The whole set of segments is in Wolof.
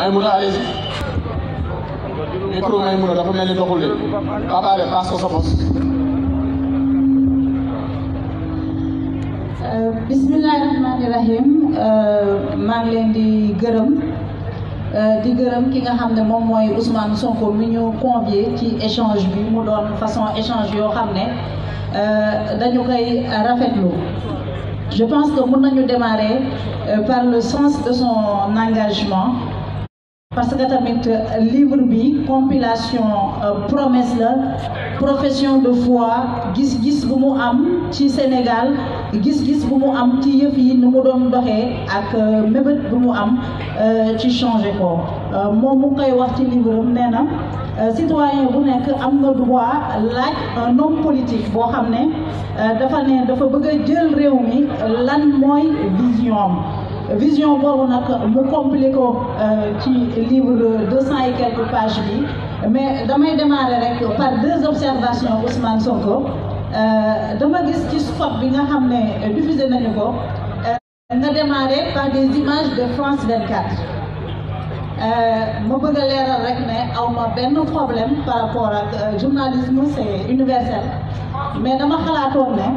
Maymuna allez-y micro Maymuna dafa euh, bismillahi rahmaani rahim euh, maa ngi leen di gërëm euh, di gërëm ki nga xam ne moom mooy Ousmane Sonko mi ñu convié ci échange bi mu doon façon échange yoo xam ne dañu koy rafetlu je pense que mën nañu démarrer par le sens de son engagement parce que tamit euh, livre bi compilation euh, promesse la profession de foi gis-gis bu mu am ci Sénégal gis-gis bu mu am ci yëf yi nu mu doon doxee ak euh, mébét bu mu am ci changé ko moom mu koy wax ci livre am nee na citoyen bu nekk am na droit laaj un homme politique boo xam ne dafa ne dafa bëgg a jël réew mi lan mooy vision vision boobu nag mu compliqué ko euh, ci livre deux cent et quelques bi mais damay démarrer rek par deux observations Ousmane Sonko euh, dama gis ci bi nga xam ne diffusé nañu ko euh, nga démarrer par des images de France 24 Euh, ma bëgg a leeral rek ne aw ma benn problème par rapport ak euh, journalisme c'est universel mais dama xalaatoon ne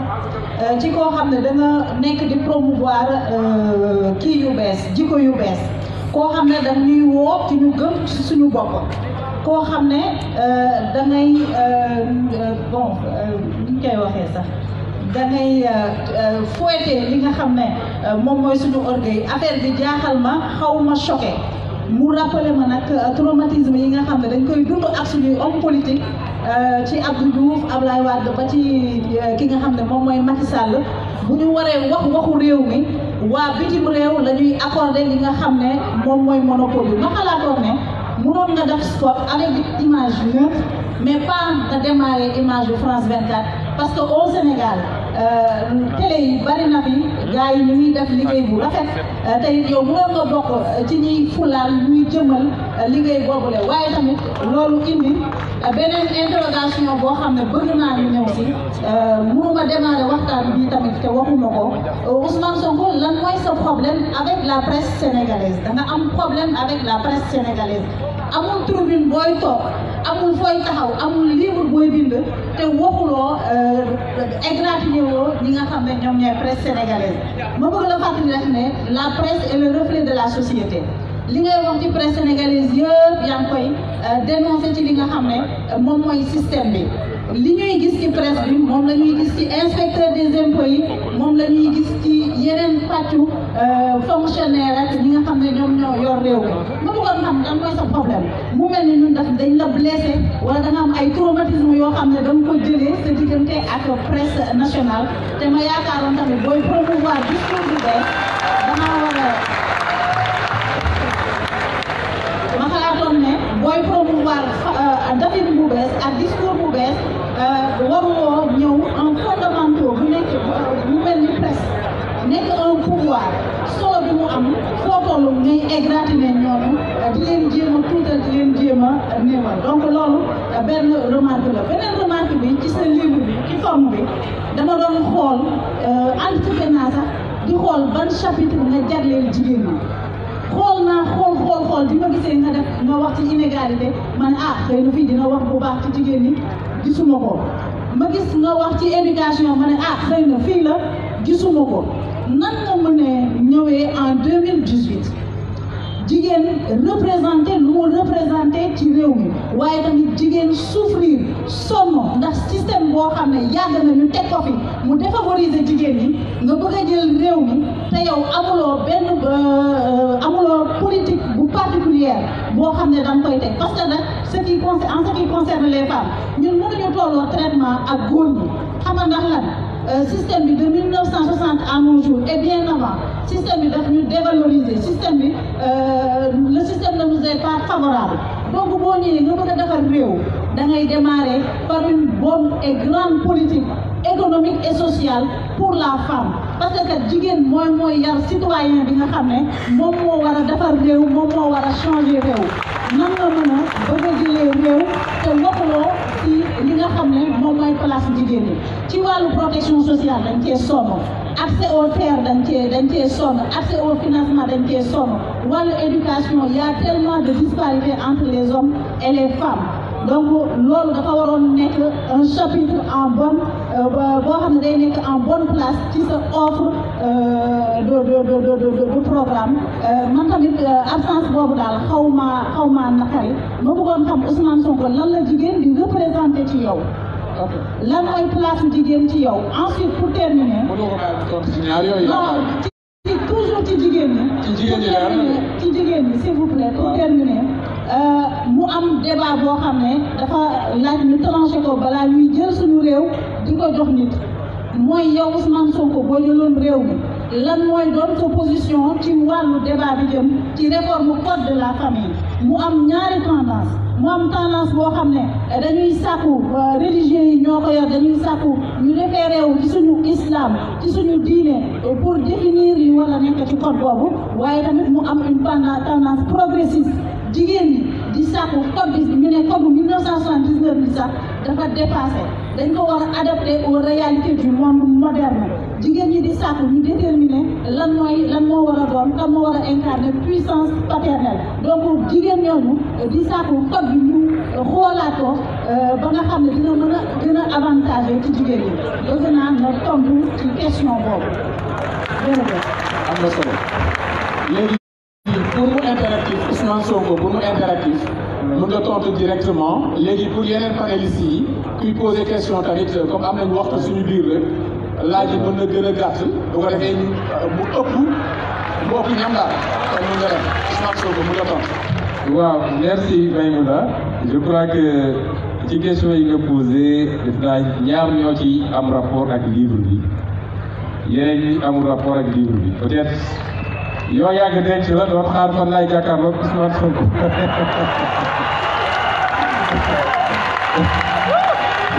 euh, ci koo xam ne danga nekk di promouvoir kii yu bees jikko yu bees koo xam ne danga ñuy woo ci ñu gëm ci suñu bopp xam ne dangay bon ñu koy waxee sax dangay fouetter li nga xam ne moom mooy suñu orgueil affaire bi jaaxal ma xaw ma choqué mu rappelé ma nag traumatisme yi nga xam ne dañ koy dund ak suñuy homme politique euh, ci Abdou Diouf Ablaye Wade ba ci euh, ki nga xam ne moom mooy Macky Sall bu ñu waree wax waxu réew mi waa bitim réew la ñuy accordé yi nga xam ne moom mooy monopole bi ma xalaatoon ne mënoon nga def spot avec image neutre mais pas nga démarrer image de France 24 parce que au Sénégal euh, télé yi gars yi ñuy def liggéey bu rafet euh, tey yow mënoon nga bokk euh, ci ñuy fulaal ñuy jëmal euh, liggéey boobule waaye tamit loolu indi beneen interrogation boo xam ne bëgg naa ñu ñëw si mënuma démarrer waxtaan bi tamit te waxuma ko Ousmane Sonko lan mooy sa problème avec la presse sénégalaise da nga am problème avec la presse sénégalaise. amul tribune booy toog amul fooy taxaw amul livre booy bind te waxuloo euh, égratigné woo ñi nga xam ne ñoom ñooy presse sénégalaise ma bëgg la fàttali rek ne la presse est le reflet de la société li ngay wax ci presse sénégalaise yëpp yaa ngi koy euh, dénoncé ci li nga xam ne euh, moom mooy système bi li ñuy gis ci presse bi moom la ñuy gis ci inspecteur des impôts yi moom la gis ci yeneen pàccu euh, fonctionnaire ak ñi nga xam ne ñoom ñoo yor réew mi ma bëggoon xam dan mooy sa problème mu mel ni ñun daf dañ la blessé wala da nga am ay traumatisme yoo xam ne da nga ko jëlee sa diggante ak presse nationale te ma yaakaaroon tamit booy promouvoir discours bi bees dama war a ma xalaatoon ne booy promouvoir euh, dafin bu bees ak discours bu bees euh, waruwoo ñëw en fondamentaux bu nekk taxawal donc loolu benn remarque la beneen remarque bi ci seen livre bi ci forme bi dama doon xool euh, entrepreneur sax di xool ban chapitre nga jagleel jigéen ñi xool naa xool xool xool bi ma gisee nga def nga wax ci inégalité man ah xëy na fii dina wax bu baax ci jigéen ñi gisuma ko ma gis nga wax ci éducation ma ne ah xëy na fii la gisuma ko nan nga mën ñëwee en 2018 jigéen représenté lu mu représenté ci réew mi waaye tamit jigéen souffrir sonn ndax système boo xam ne yàgg na ñu teg ko fi mu défavoriser jigéen ñi nga bëgg jël réew mi te yow amuloo benn euh, amuloo politique bu particulière boo xam ne danga koy teg parce que nag ce qui concerne en ce qui concerne les femmes ñun mënuñu tolloo traitement ak góor ñi xam nga ndax lan euh, système bi de 1960 à nos jours et bien système bi daf ñu dévaloriser système bi euh, le système ne nous est pas favorable boo ñëwee nga bëgg a defar réew da ngay démarrer par une bonne et grande politique économique et sociale pour la femme parce que jigéen mooy mooy yar citoyen bi nga xam ne moom moo war defar réew moom moo war changer réew nan nga mën a bëgg a jëlee réew te waxuloo ci li nga xam ne. ay place jigéen ñi ci wàllu protection sociale dañ cee sonn accès o terres dañ cee dañ cee sonn accès au financement dañ cee sonn wàllu éducation yaa a tellement de disparité entre les hommes et les femmes donc loolu dafa waroon nekk un chapitre en bonne euh, boo xam ne day nekk en bonne place ci sa offre euh, de de de de de programme euh, man tamit absence boobu daal xaw ma xaw ma naqari ma bëggoon xam Ousmane Sonko lan la jigéen di représenté ci yow. lan mooy place jigéen ci yow ensuite pour terminer. ci mu am débat boo xam ne dafa laaj ñu tranché ko balaa ñuy jël suñu réew di ko jox nit. mooy yow Ousmane Sonko boo jëloon réew mi lan mooy doon sa position ci wàllu débat bi jëm ci réforme code de la famille mu am ñaari tendance mu am boo xam ne dañuy sàkku euh, religieux yi ñoo ko yor dañuy sàkku ñu référé wu ci suñu islam ci suñu diine euh, pour définir yu war a nekk ci code boobu waaye tamit mu am une tendance progressiste jigéen ñi di sàkku code bi ñu ne code bu 1979 bi sax dafa dépassé dañ ko war a adapté aux réalités du moderne jigéen ñi di sàkk ñu déterminer lan mooy lan moo war a doon lan moo war a incarner puissance paternelle donc jigéen ñooñu di sàkk code bi ñu xoolaat euh, ba nga xam ne dina mën a gën a avantage ci jigéen ñi defe naa na tontu ci question boobu jërëjëf. am na solo léegi pour mu impératif Ousmane Sonko pour mu impératif mën nga tontu directement léegi pour yeneen panélistes yi kuy poser question tamit comme am nañu waxtu suñu biir rek. laaj yi mën na gën a gàtt euh, mu ëpp mu ëpp ñam nga def Ousmane Sonko mu nga tontu. waaw merci Maïmouna je crois que ci question yi nga posé def naa ñaar ñoo ci am rapport ak livre bi yeneen ñi amul rapport ak livre bi peut yàgg denc la doon xaar fan laay jàkkaarloog Ousmane Sonko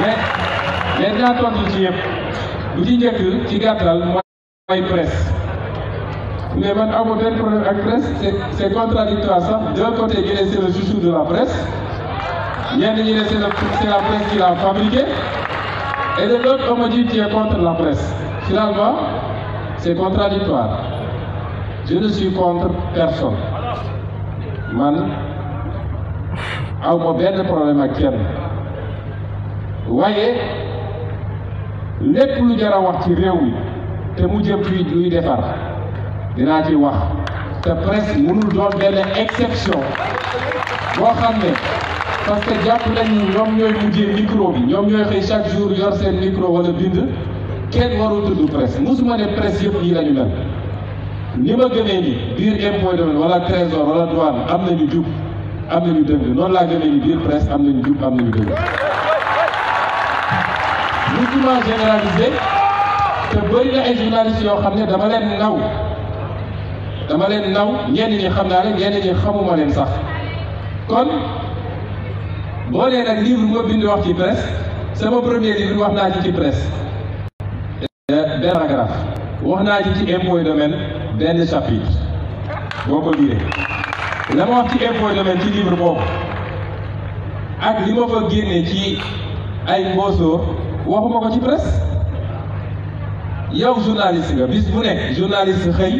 mais mais naa tontu ci yëpp. lu ci njëkk ci gàttal mooy presse mais man amoo benn problème ak presse c'est c'est contradictoire sax d'un côté ñu ne c'est le de la presse ñenn ñi ne la presse qui l'a fabriqué de l'autre on me dit tu es contre la presse finalement c'est contradictoire je ne suis contre man aw ma benn problème ak kenn waaye lépp lu jar a wax ci réew mi te mu jëm fii luy defar dinaa ci wax te presse mënul doon benn exception boo xam ne parce que jàpp nañu ñoom ñooy mujjee micro bi ñoom ñooy xëy chaque jour yor seen micro wala bind kenn warul tudd presse musuma ne presse yëpp yi lañu mel ni ma gëmee ni biir impôt domaine wala trésor wala douane am nañu jub am nañu dëng noonu laa gëmee ni biir presse am nañu jub am nañu dëng musulman généralisé te bëri na ay journalistes yoo xam ne dama leen naw dama leen naw ñenn ñi xam naa leen ñenn ñi xamuma leen sax kon boo nee nag livre bu ma bind wax ci presse sama premier livre wax naa ci ci presse eh, benn paragraphe wax naa ci ci impôt domaine benn boo ko liiree la ma wax ci impôt domaine ci livre boobu ak li ma fa génne ci ay mboosoo waxuma ko ci presse yow journaliste nga bis bu nekk journaliste xëy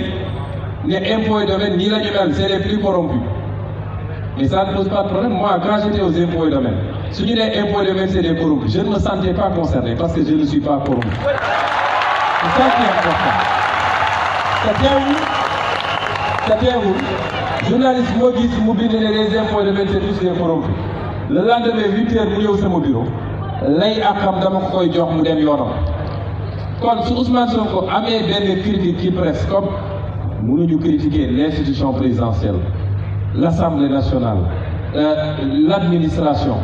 ne impôt et domaine nii la ñu mel c'est les plus corrompus de problème moi quand j'étais aux su ñu nee impôt et domaine c'est des corrompus me sentais pas concerné parce que je ne suis pas corrompu c'est ça qui est important te teewul te teewul journaliste moo gis mu bind ne les impôts et domaines c'est tous des corrompus le lendemain huit mu ñëw sama bureau lay àqam dama ko koy jox mu dem yoonam kon su Ousmane Sonko amee benn critique ci presse comme mënuñu critiquer l'institution présidentielle l'Assemblée nationale euh, l'administration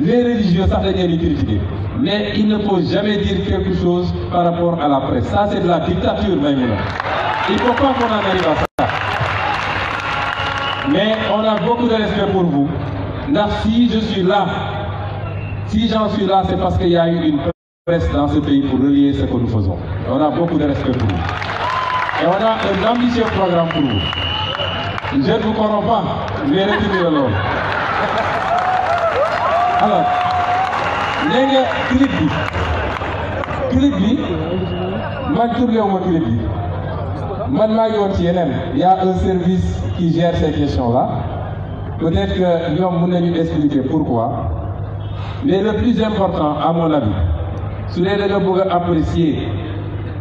les religieux sax dañ leen di mais il ne faut jamais dire quelque chose par rapport à la presse ça c'est de la dictature Maïmouna il faut pas qu'on en arrive mais on a beaucoup de respect pour vous ndax si je suis là Si j'en suis là, c'est parce qu'il y une presse dans ce pays pour relier ce que nous faisons. Et on a programme pour vous. Je ne vous corromps pas, mais retenez le Alors, bi clip bi man tourné wu ma clip bi man maa ngi ci yeneen y a un service qui gère ces questions là peut-être que ñoom mën nañu expliquer pourquoi. mais le plus important à mon avis su dee da nga bëgg a apprécier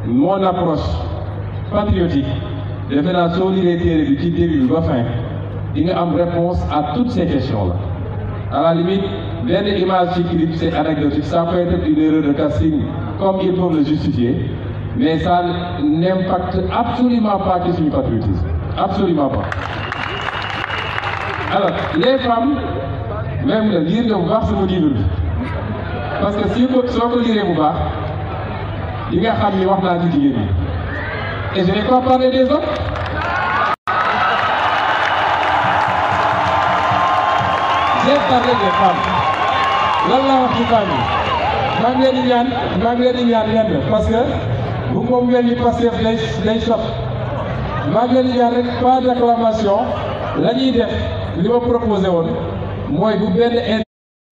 mon approche patriotique defe naa soo liree téere bi ci début ba fin di nga am réponse à toutes ces questions là à la limite benn image ci clip c'est anecdotique ça peut être de casting comme ils peuvent le justifier mais ça n'impacte absolument pas ci suñu patriotisme absolument pas alors les femmes même la liir nga bu baax sama livre bi parce que si ko soo ko liiree bu baax li nga xam ni wax naa ci jigéen ñi et je n'ai pas parlé des hommes. j'ai wax ci femmes yi leen di ñaan maa leen di ñaan lenn parce que bu moom ngeen di Pastef day day sot maa leen di ñaan rek pas d'acclamation la def li ma proposé woon. mooy bu benn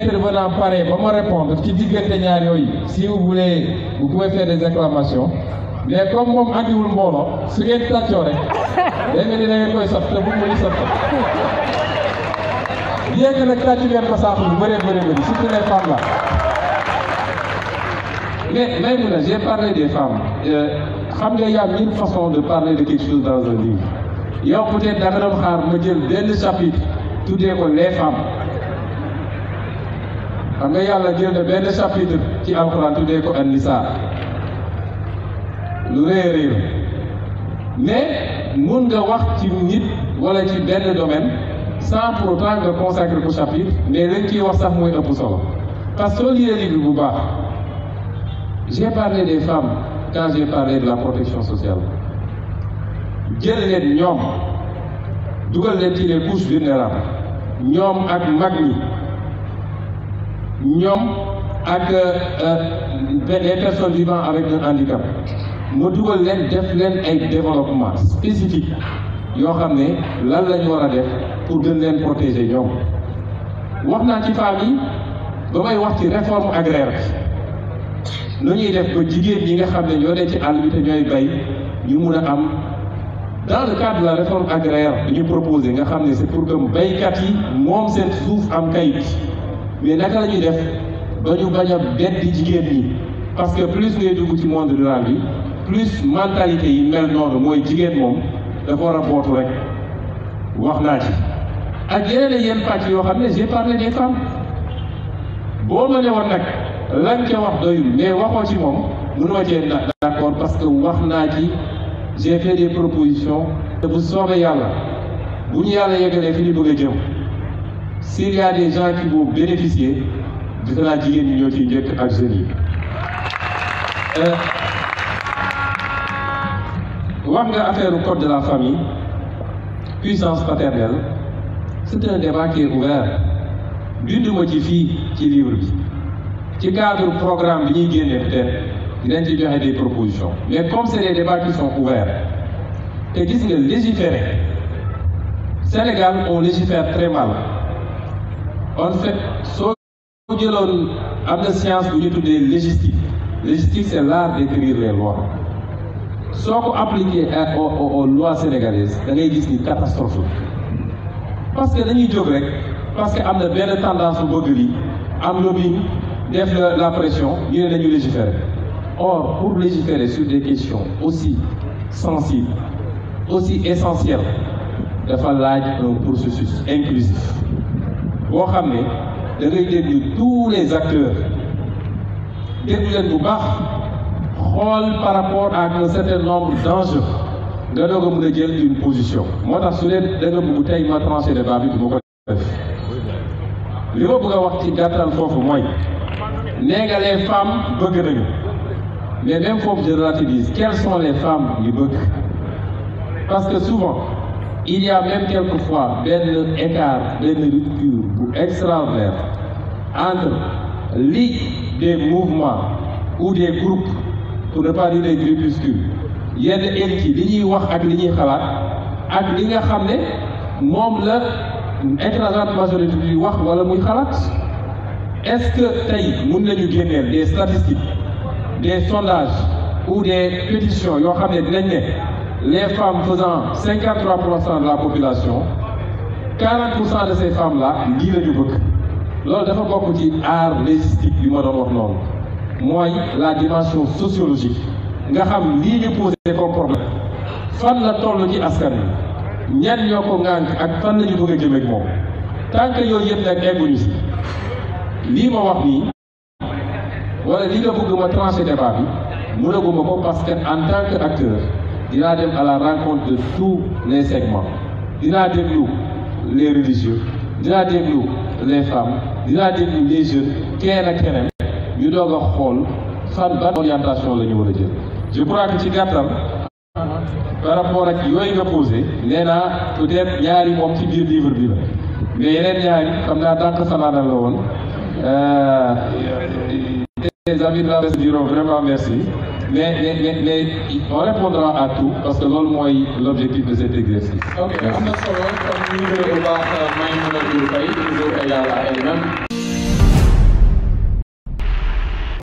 intervenant pare ba ma répondre ci diggante ñaar yooyu si vous voulez vous pouvez faire des acclamations mais comme moom andiwul mbooloo su ngeen tàccoo rek day mel ni koy saf te bu mu saf bien que nag tàccu ngeen ko saako bu bëree bëri bëri surtout euh, xam nga y a mille de parler de quelque xam nga yàlla jël na benn chapitre ci alxuraan tuddee ko an-nisaa lu rëy rëy mais mun nga wax ci nit wala ci benn domaine sans pour autant nga consacrer ko chapitre mais lañ ciy wax sax mooy ëpp solo parce que soo lire livre bu baax j'ai parlé des femmes quand j'ai parlé de la protection sociale jël leen ñoom dugal leen ci les couches vulnérables ñoom ak mag ñi. ñoom ak euh, euh, des personnes vivant avec un handicap ma dugal leen def leen ay développement spécifique yoo xam ne lan la ñu war a def pour gën leen protéger ñoom wax naa ci femmes yi ba may wax ci réforme agraire bi nu ñuy def ba jigéen ñi nga xam ne ñoo ne ci àll bi te ñooy bay ñu mun a am dans le la réforme agraire bi ñu proposé nga xam ne si pour que baykat yi moom seen suuf am kayit mais naka la ñuy def ba ñu bañ a bett jigéen ñi parce que plus ngay dugg ci monde rural bi plus mentalité yi mel noonu mooy jigéen moom dafa war a bootu rek wax naa ci ak yeneen ak yenn pàcc yoo xam ne j'ai parlé des femmes boo ma ne woon nag lan ca wax doyul mais waxoo ci moom mënoo cee d'accord parce que wax naa ci j'ai fait des propositions te bu soobee yàlla bu ñu yàlla yeggalee s'il y a des gens qui vont gis naa jigéen ñi ñoo ciy njëkk ak jeunes yi euh, wax nga affaire code de la famille puissance paternelle c'est un débat binduma ci fii ci livre bi ci cadre programme bi ñuy génnee peut dinañ ci joxe des propositions mais comme c'est des débats qui sont ouverts te gis nga légiférer Sénégal on légifère très mal en fait soo jëloon am na science bu ñu tuddee légistique légistique c'est l'art d'écrire les lois soo ko appliqué aux lois sénégalaises da ngay gis ni catastrophe la parce que dañuy jóg rek parce que am na benn tendance bu bëgg li am lobbying def la pression ñu ne dañu légiférer or pour légiférer sur des questions aussi sensibles aussi essentielles dafa laaj un processus inclusif boo xam ne da ngay tous les acteurs déglu leen bu baax xool par rapport à un certain nombre d'enjeux nga doog a mën a jël une position moo tax su leen da nga bëgg tey ma tranché débat bi ko def li ma bëgg a wax ci gàttal foofu mooy nee nga les femmes bëgg nañu mais même foofu je relativise quelles sont les femmes bëgg parce que souvent il y a même quelquefois benn écart benn rupture bu extraordinaire entre li des mouvements ou des groupes pour ne pas dire yenn élites yi li ñuy wax ak li ñuy xalaat ak li nga xam ne moom la écrasante majorité bi wax wala muy xalaat est-ce que tey mën nañu génneel des statistiques des sondages ou des yoo xam ne dinañ ne les femmes faisant 53% de la population 40% de ces femmes-là la ñu bëgg loolu dafa bokk ci art légistique bi ma doon wax noonu mooy la dimension sociologique nga xam lii ñu posé comme problème fan la toll ci askan wi ñenn ñoo ko ŋànk ak fan la ñu bëgg a moom tant que yooyu yëpp nag egguñu si lii ma wax nii wala lii nga bëgg ma tranché débat bi mënaguma ko parce que en dinaa dem à la rencontre de tous les segments dinaa déglu les religieux dinaa déglu les femmes dinaa déglu les jeunes keneen ak keneen ñu doog a xool fan ban orientation la ñu war a jël je crois que ci gàttal par rapport ak yooyu nga posé nee peut-être ñaari moom ci biir livre bi la mais yeneen ñaari xam naa dànk salaana la woon euh, les amis de la presse vraiment merci mais mais mais on répondra à tout parce que loolu mooy l'objectif de cet exercice. ok am na solo kon ñu ngi lay bu baax Maïmouna Ndour Faye toujours égale à elle